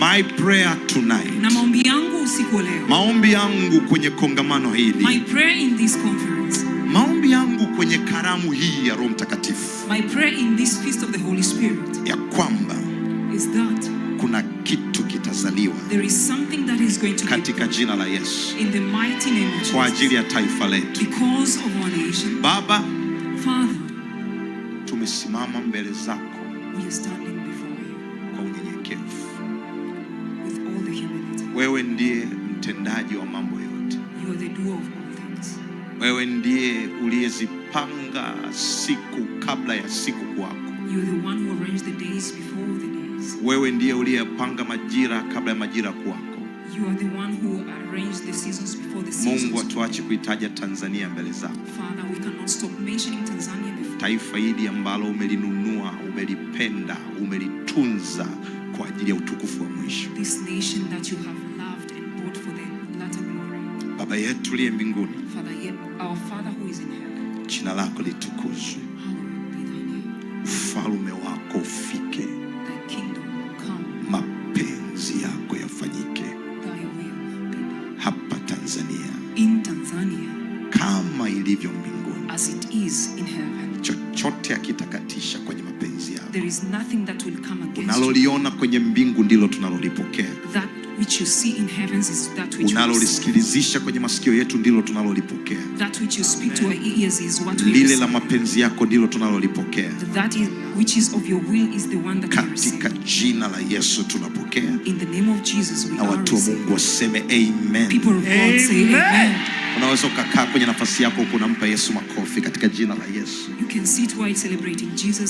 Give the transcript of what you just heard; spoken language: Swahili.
My prayer tonight. Na maombi yangu usiku leo. Maombi yangu kwenye kongamano hili. My prayer in this conference. Maombi yangu kwenye karamu hii ya Roho Mtakatifu. My prayer in this feast of the Holy Spirit. Ya kwamba is that kuna kitu kitazaliwa There is something that is going to katika jina la Yesu in the mighty name of Jesus, kwa ajili ya taifa letu because of our nation. Baba, Father, tumesimama mbele zako we are standing before you. kwa unyenyekevu wewe ndiye mtendaji wa mambo yote. You the doer of all things. Wewe ndiye uliyezipanga siku kabla ya siku kwako. You the one who arranged the days before the days. Wewe ndiye uliyepanga majira kabla ya majira kwako. You are the one who arranged the seasons before the seasons. Mungu atuache kuitaja Tanzania mbele zako. Father, we cannot stop mentioning Tanzania before. Taifa hili ambalo umelinunua, umelipenda, umelitunza kwa ajili ya utukufu wa mwisho. This nation that you have loved and bought for the latter glory. Baba yetu liye mbinguni, our Father who is in heaven, jina lako litukuzwe, ufalme wako ufike, mapenzi yako yafanyike hapa Tanzania, in Tanzania kama ilivyo mbinguni, as it is in heaven. Chochote akitakatisha kwenye there is nothing that will come against you. Unaloliona kwenye mbingu ndilo tunalolipokea. That which you see in heavens is that which unalolisikilizisha kwenye masikio yetu ndilo tunalolipokea. That which you speak to our ears is what we lile la mapenzi yako ndilo tunalolipokea. That is, which is of your will is the one that we receive. Katika jina la Yesu tunapokea. In the name of Jesus we are. Na watu wa Mungu waseme amen. People of God say amen. Unaweza ukakaa kwenye nafasi yako, kunampa Yesu makofi katika jina la Yesu. You can sit while celebrating Jesus.